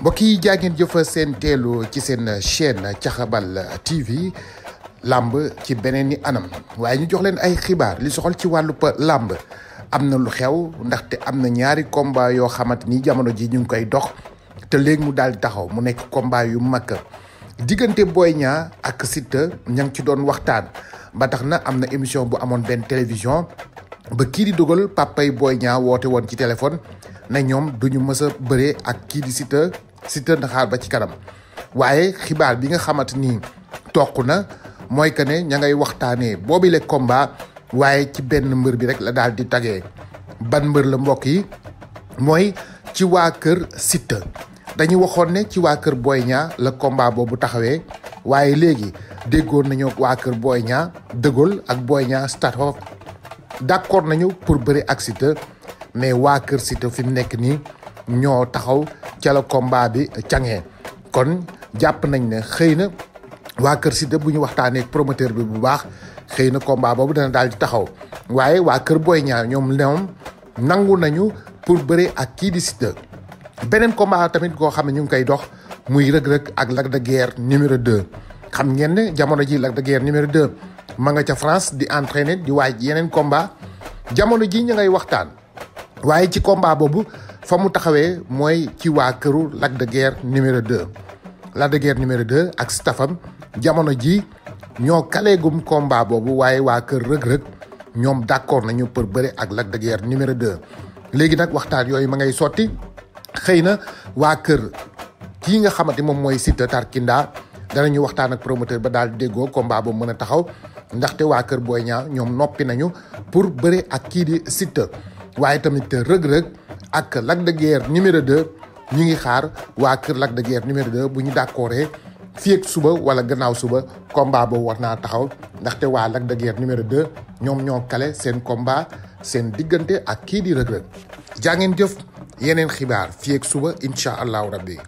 mbokk yi jaa ngeen jëfa seen teelu ci seen chaîne Caxabal TV làmb ci beneen i anam waaye ñu jox leen ay xibaar li soxal ci wàllub làmb am na lu xew ndaxte am na ñaari combat yoo xamante ni jamono ji ñu ngi koy dox te léegi mu daal di taxaw mu nekk combat yu mag diggante Boy Niang ak Siteu ña ngi ci doon waxtaan ba tax na am na émission bu amoon benn télévision ba kii di dugal papay Boy ñaa woote woon ci téléphone na ñoom duñu mës a bëree ak kii di Siteu Siteu Ndaxaar ba ci kanam waaye xibaar bi nga xamante ni toq na mooy que ne ña ngay waxtaanee boobi le waaye ci benn mbër bi rek la daal di tagee ban mbër la mbokk yi mooy ci waa kër Siteu dañu waxoon ne ci waa kër booy ñaa la combat boobu taxawee waaye léegi déggoon nañu waa kër booy Niang dëggal ak booy Boy Niang Stathoff d'accord nañu pour bëri ak Siteu mais waa kër Siteu fi mu nekk nii ñoo taxaw ca la combat bi cangee kon jàpp nañ ne xëy na waa Kër Siteu bu ñu waxtaanee promoteur bi bu baax xëy na combat boobu dana daal di taxaw waaye waa Kër booy ñaar ñoom ñoom nangu nañu pour bëre ak kii di Siteu beneen combat tamit koo xam ne ñu ngi koy dox muy rëg-rëg ak Lac de numéro 2. xam ngeen jamono ji Lac de numéro 2 ma nga ca France di entraîner di waaj yeneen combat jamono ji ñu ngay waxtaan waaye ci combat boobu. fa mu taxawee mooy ci waa këru Lac de numéro 2 Lac de numéro 2 ak staffam jamono ji ñoo kaleegum combat boobu waaye waa kër rëg-rëg ñoom d'accord nañu pour bëri ak Lac de numéro 2 léegi nag waxtaan yooyu ma ngay sotti xëy na waa kër kii nga xamante moom mooy Siteu Tarkinda ñu waxtaan ak promoteur ba daal déggoo kombaa boobu mën a taxaw ndaxte waa kër booy Niang ñoom noppi nañu pour bëri ak kii di Siteu waaye tamit rëg ak Lac de Guiers numéro 2 ñu ngi xaar waa kër Lac de Guiers numéro 2 bu ñu d'accordee fii suba wala gannaaw suba combat boobu war naa taxaw ndaxte waa Lac de numéro 2 ñoom ñoo kale seen combat seen diggante ak kii di Reug Reug jaa ngeen jëf yeneen xibaar fii ak suba incha allahu rabbi